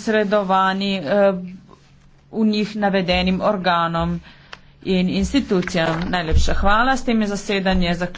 posredovani eh, v njih navedenim organom in institucijam. Najlepša hvala, s tem je zasedanje zaključeno.